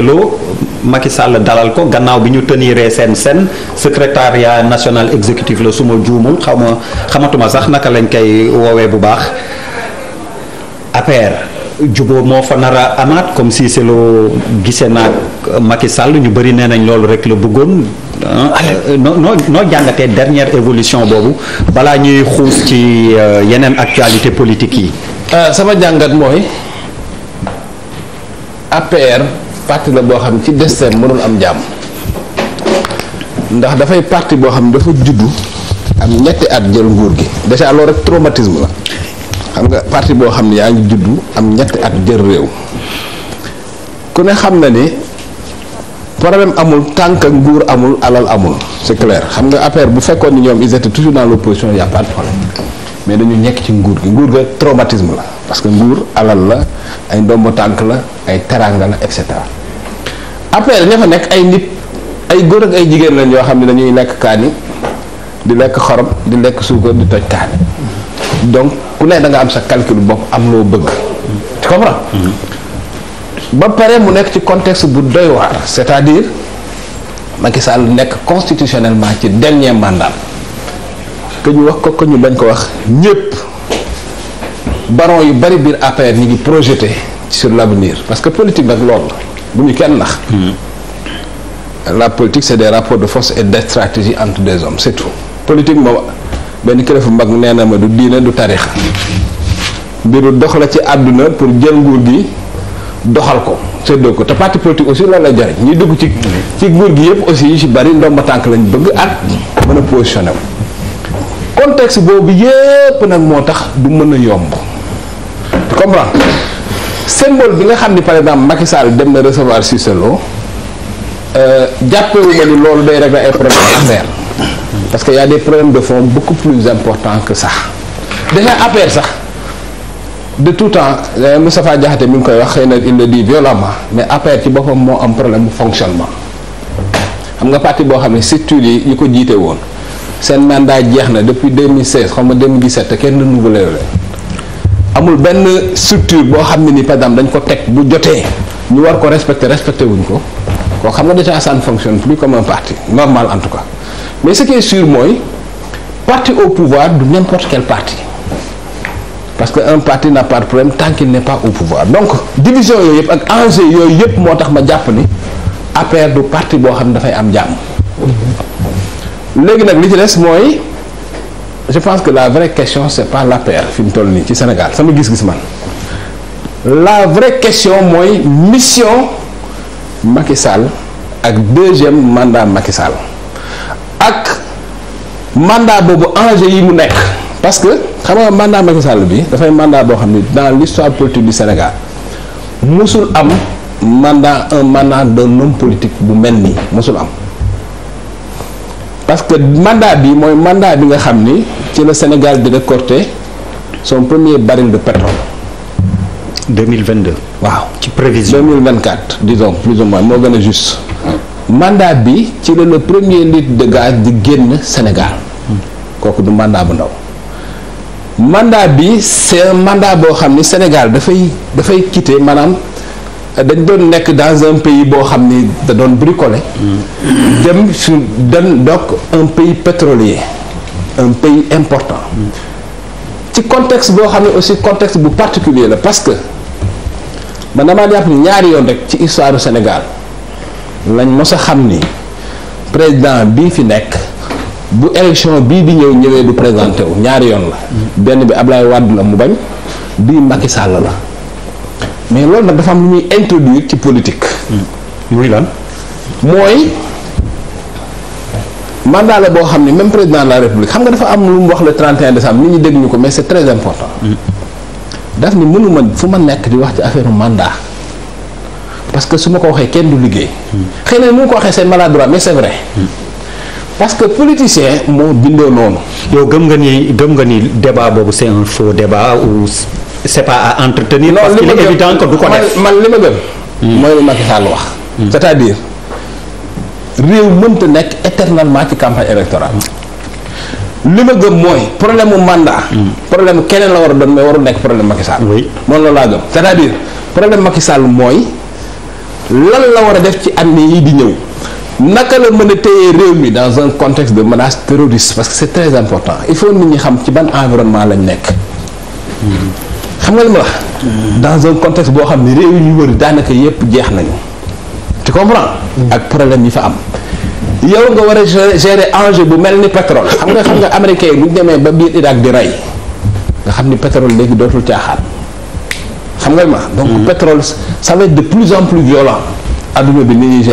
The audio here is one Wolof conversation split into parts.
Cissé Lo Macky dalal ko gannaaw bi ñu teniree seen sen secrétariat national exécutif la su ma juumul xaw ma xamatuma sax naka lañ koy woowee bu baax APR juboo moo fa nar amaat comme Cissé Lo gisee naag Macky Sall ñu bëri nee nañ loolu rek la bëggoon ah, euh, noo jàngatee dernière évolution boobu balaa ñuy xuus ci euh, yeneen actualité politique yi euh, sama jàngat mooy APR parti la boo xam ne ci destin mënul am jàmm ndax dafay parti boo xam ne dafa juddu am ñetti at jël nguur gi déjà loolu rek traumatisme la xam nga parti boo xam ne yaa ngi juddu am ñetti at jël réew ku ne xam na ni problème amul tànk nguur amul alal amul c'est clair xam nga affaire bu fekkoon ni ñoom ils étaient toujours dans l'opposition y a pas de problème mais dañu nekk ci nguur gi nguur ga traumatisme la parce que nguur alal la ay ndombo tànk la ay teranga la et cetera APR ña fa nekk ay nit ay góor ak ay jigéen lañ yoo xam ne dañuy lekk kaani di lekk xorom di lekk suukar di toj kaani donc ku ne da nga am sa calcul bopp am loo bëgg tu mm-hmm. ba pare mu nekk ci contexte bu doy waar c'est-à-dire Macky Sall nekk constitutionnellement ci dernier mandat que ñu wax ko que ñu bañ ko wax ñëpp baron yu bari biir APR ñu ngi projeté sur l'avenir parce que politique nag loolu bu ñu kenn nax hmm. la politique c'est des rapports de force et des stratégies entre des hommes c'est tout politique moom benn kilifa mag nee na ma du diine du tarixa mbiru dox la ci àdduna pour jël nguur gi doxal ko séddoo ko te parti politique aussi la la jariñ ñuy dugg ci ci nguur gi yëpp aussi yu ci bari ndomba tànk lañ bëgg ak mën a positionné wu boobu yëpp nag moo tax du mën a yomb tu symbole bi nga xam ni par exemple Macky Sall dem na recevoir Cissé Lo euh, jàppewuma ni loolu day régler ay problème affaire parce que y a des problèmes de fond beaucoup plus importants que ça déjà affaire sax de tout temps euh, Moustapha Diakhaté mi ngi koy wax xëy na il le dit violemment mais affaire ci boppam moo am problème bu fonctionnement xam nga parti boo xam ne structures yi yi ko jiite woon seen mandat jeex na depuis 2016 xam nga kenn renouvelé leen amul benn structure boo xam ne ni par exemple dañ ko teg bu jotee ñu war ko respecter respecter wuñ ko koo xam nga déjà ça ne fonctionne plus comme un parti normal en tout cas mais ce qui est sûr mooy parti au pouvoir du n'importe quel parti parce que un parti n'a pas de problème tant qu'il n'est pas au pouvoir donc division yooyu yëpp ak enjeu yooyu yëpp moo tax ma jàpp ni affaire du parti boo xam ne dafay am jàmm léegi nag li ci des mooy je pense que la vraie question c'est pas l'APR fi mu toll nii ci Sénégal sama gis-gis man la vraie question mooy mission Macky Sall ak deuxième mandat Macky Sall ak mandat boobu enjeu yi mu nekk parce que xam nga mandat Macky Sall bi dafay mandat boo xam ni dans l'histoire politique du Sénégal musul am mandat un mandat d'un homme politique bu mel nii musul am parce que mandat bi mooy mandat bi nga xam ni ci la Sénégal di récolter son premier baril de pétrole. 2022. waaw ci prévision 2024 disons plus ou moins moo gën a juste. mandat bi ci la le premier litre de gaz di génn Sénégal. kooku du mandat bu ndaw. mandat bi c'est un boo xam ni Sénégal dafay dafay quitter maanaam. dañ doon nekk dans un pays boo xam ni da doon bricolé. dem su dem donc un pays pétrolier un pays important. ci contexte boo xam ne aussi contexte bu particulier la parce que man damaa jàpp ni ñaari yoon rek ci histoire du Sénégal lañ mos a xam ni président bii fi nekk bu élection bii bi ñëw ñëwee du présenté wu ñaari yoon la. benn bi Ablaye Wade la mu bañ bii Macky sàll la. mais loolu nag dafa am lu ñuy introduire ci politique. muy lan. mooy mandat la boo xam ne même président de la république xam nga dafa am lu mu wax le 31 décembre nit ñi dégg ñu ko mais c'est très important. Mm. daf ni mënu ma fu ma nekk di wax ci affaire mandat parce que su ma ko waxee kenn du liggéey. Mm. xëy na mu ko waxee c'est maladroit mais c'est vrai. Mm. parce que politicien moo bindoo noonu. yow gëm nga ni gëm nga nii débat boobu c'est un faux débat ou. c'est pas à entretenir. parce qu'il est évident que du ko man li ma gën. Hmm. mooy lu Macky Sall wax. Hmm. c'est-à-dire réew mënta nekk éternellement ci campagne électorale. li ma gëm mooy problème mu mandat. Hmm. problème keneen la war a doon mais warul nekk problème Macky Sall. oui man loolu laa gëm c'est-à-dire problème Macky Sall mooy lan la war a def ci année yi di ñëw. naka la mën a téye réew mi dans un contexte de menace terroriste parce que c'est très important il faut nit ñi xam ci ban environnement lañ nekk. xam nga li ma wax. dans un contexte boo xam ne réew ñu wër daanaka yépp jeex nañu. ci comprends. Mm. ak problème yi fa am. yow nga war a gérer enjeu bu mel ni pétrole xam nga xam nga américain yi bu ñu demee ba biir ak di rey nga xam ni pétrole léegi dootul caaxaan nga ma. donc mm. pétrole ça de plus en plus violent adduna bi ni ñuy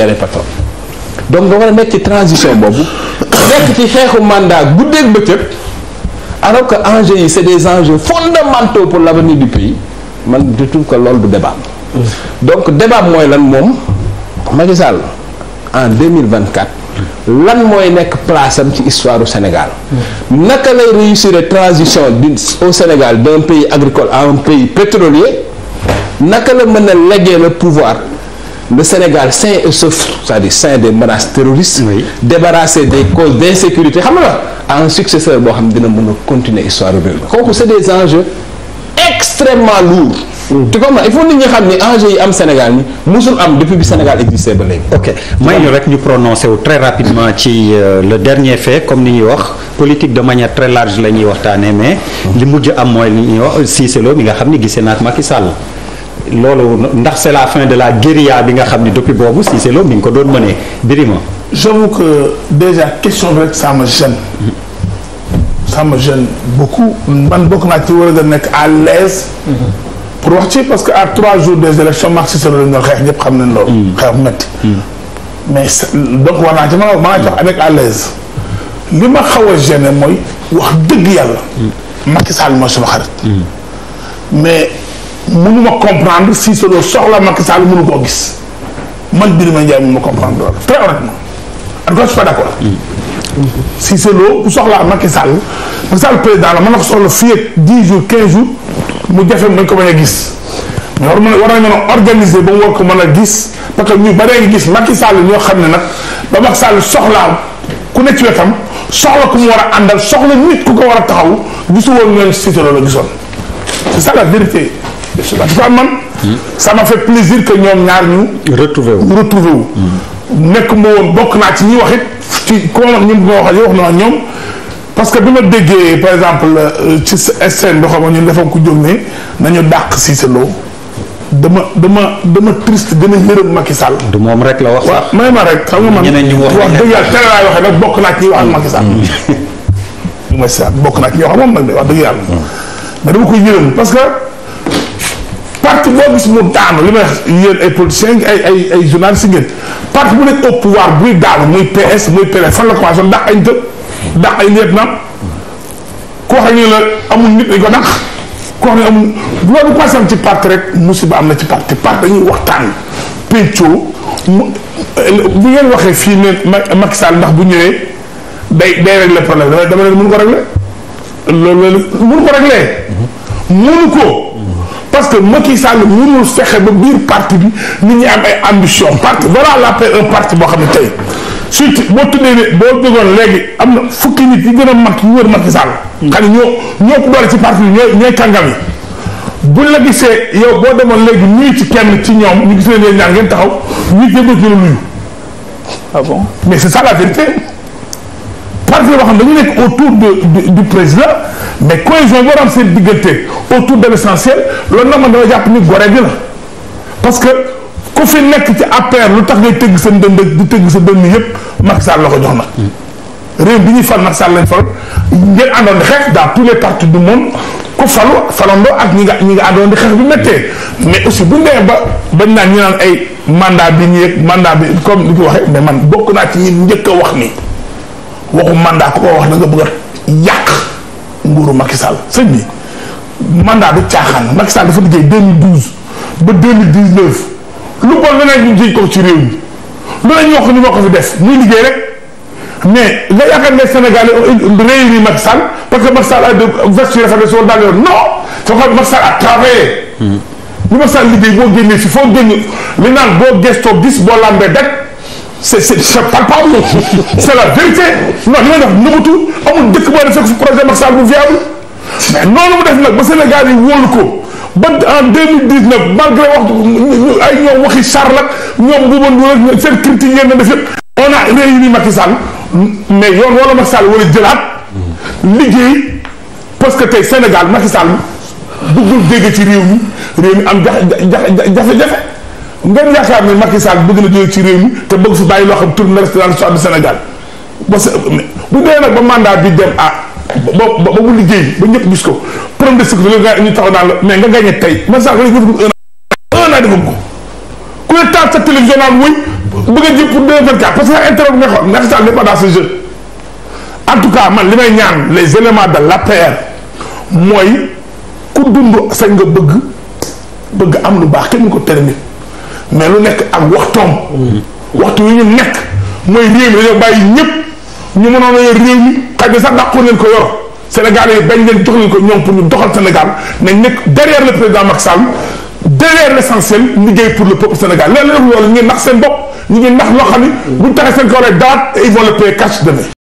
donc nga war a nekk ci transition boobu. nekk ci xeexu mandat guddeeg bëccëg. alors que enjeux yi c'est des enjeux fondamentaux pour l'avenir du pays man je trouve que lool du débat donc débat mooy lan moom Macky Sall en 2024 lan mooy nekk place am ci histoire du Sénégal naka lay réussir transition au Sénégal d'un pays agricole à un pays pétrolier naka la mën na léguer le pouvoir le Sénégal sain et sauf c'est-à-dire sain des menaces terroristes. Oui. débarrassé des causes d'insécurité xam na à un successeur boo xam dina mën a continuer histoire réew mi kooku c'est des enjeux extrêmement lourds. Mm. tu comprends il faut nit ñi xam ni enjeux yi am Sénégal ni musul am depuis bi Sénégal existé ba léegi. ok may ñu rek ñu prononcé wu très rapidement ci euh, le dernier fait comme ni ñuy wax politique de manière très large la ñuy waxtaanee mais. Mm. li mujj am mooy li ñuy wax Cissé Lo nga xam ni gisee naak Macky Sall. loolu ndax c'est la fin de la guérilla bi nga xam ne depuis boobu si c'est loolu mi ngi ko doon mënee Birima. que déjà question bi rek ça me gêne. ça me man bokk naa ci war a nekk à l'aise pour wax ci parce que à trois jours des élections marxiste la ñu xeex ñëpp xam nañ loolu. Mm. xeex bu métti. Mm. mais donc war naa ma man maa ngi tax avec à l'aise li ma xaw a gêné mooy wax dëgg yàlla. Mm. Macky Sall mooy sama xarit. mais. mënu ma comprendre si solo soxla Macky Sall mënu koo gis man Birima Ndiaye mënu ma comprendre loolu très honnêtement en tout cas je suis soxla d' accord. si solo Sall Macky Sall président la mën na ko soxla fii ak 10 mu jafe nañ ko bañ a gis mais war nañoo war organiser ba mu war ko mën a gis parce que ñu baree gis Macky Sall ñoo xam ne nag ba Macky soxla soxlaa ku ne ci wetam soxla ku mu war a soxla nit ku ko war a taxaw gisu woon ñooñu si solo la gisoon c' est ça vérité. en tout cas man. ça m'a fait plaisir que ñoom ñaar ñu. retrouvé wu retrouvé wu. nekk ma woon bokk naa ci ñi wax it ci ku ma wax ñun bi ma wax ak ñoom parce que bi ma déggee par exemple euh, ci SN boo xam ne ñun dafa ko jóg ne nañu dàq Cissé Lo dama dama dama triste gën a yërëm Macky Sall. du moom rek la wax. waaw may ma rek xam nga man ñeneen ñi wax dëgg yàlla nag bokk naa ci ñi wax ak Macky mm. bokk naa ci ñi wax ak moom nag wax dëgg yàlla. Mm. mais dama koy yërëm parce parti boo gis mu daanu li may wax yéen ay politiciens ay ay ay journalistes ngeen parti bu nekk au pouvoir buy daanu muy PS muy PDS fan la commencé woon dàq ay njëb dàq ay lieutenant ku wax ñu la amul nit dañ ko dàq ku wax ne amul loolu commencé am ci parti rek musiba am na ci parti parti dañuy waxtaan peccoo bu ngeen waxee fii ne Macky Sall ndax bu ñëwee day day régler problème dama dama leen mënu ko régler loolu mënu ko régler mhm. mënu ko parce que Macky Sall mënul fexe ba biir parti bi nit ñu am ay ambition parti voilà la paix un parti boo xam ne tey surtout boo tuddee ne boo jógoon léegi am na fukki nit yi gën a mag ñu hmm. ñoo ñoo ko doole ci parti bi ñooy ñooy kàngam yi. buñ la gisee boo demoon léegi nuyu ci kenn ci ñoom ñu gis leen ne ñaar ngeen taxaw ñu jéem a jëloon nuyu. ah mais c'est ça la vérité. parti boo xam dañu nekk autour de du président mais cohésion boo am seen diggante autour de l' essentiel loolu nag man dama jàpp ni gore gi la parce que ku fi nekk ci APR lu tax ngay tëgg sa ndënd di tëgg sa dënn yëpp Macky Sall la ko jox ma réew bi ñuy fal Macky Sall lañ fal ngeen àndoon di xeex dans tous les partis du monde ku falu falandoo ak ñi nga ñi nga àndoon di xeex bi méttee mais aussi bu ndee ba bañ naan ñu naan ay mandat bi ñuy mandat bi comme ni ko waxee mais man bokk naa ci njëkk a wax nii. waxu mandat ku ko wax da nga bëgg yàq nguuru Macky Sall sëñ bi mandat du caaxaan Macky Sall dafa liggéey 2012 ba 2019 lu bon lu ne ñu jiñ ko ci réew mi lu ne ñu wax ni moo ko fi parce que Macky Sall a de vesture rafet soo daal yoon soo xam Macky Sall a travaillé. lu Macky Sall liggéey boo génnee si foo génn li naan boo gestoo bis boo lambee daj. c'est c'est palpable c'est la vérité non dëkk boo def fekk fi projet Macky Sall bu noonu mu def nag ba Sénégal yi wóolu ko ba en 2019 malgré wax ay ñoom waxi charlat ñoom bu ma nu seen critique ngeen na def a réuni Macky Sall mais yoon wala Macky wala jëlaat liggéey parce que tey senegal Macky Sall bëggul dégg ci réew mi réew am jafe jafe jafe ngeen yaakaar ne Macky na ci réew mi te bëgg fi bàyyi loo xam tourne restaurant du Sénégal ah ba ñëpp gis ko problème de sécurité la ñu taxaw naan la mais nga gagné tey Macky Sall nga defagul ko ku ne taal sa télévision naan wuy bëgg a ji pour 2024 parce que sa intérêt bu nga xam Macky Sall n'est pas en tout cas man li may ñaan les éléments de l'APR mooy ku dund sañ nga bëgg bëgg am lu baax kenn ko tere mais lu nekk ak waxtoom waxtu wi ñu nekk mooy réew mi dañoo bàyyi ñëpp ñu mënoon a yor réew mi sa na sax ko yor Sénégal yi bañ leen jox ni ko ñoom pour ñu doxal Sénégal nañ nekk derrière le président Macky Sall derrière l'essentiel liggéey pour le peuple Sénégal le léeg loolu ñu ngi nax seen bopp ñu ngi nax loo xam ni buñ taxee seen kaw rek daat et le payer cash demain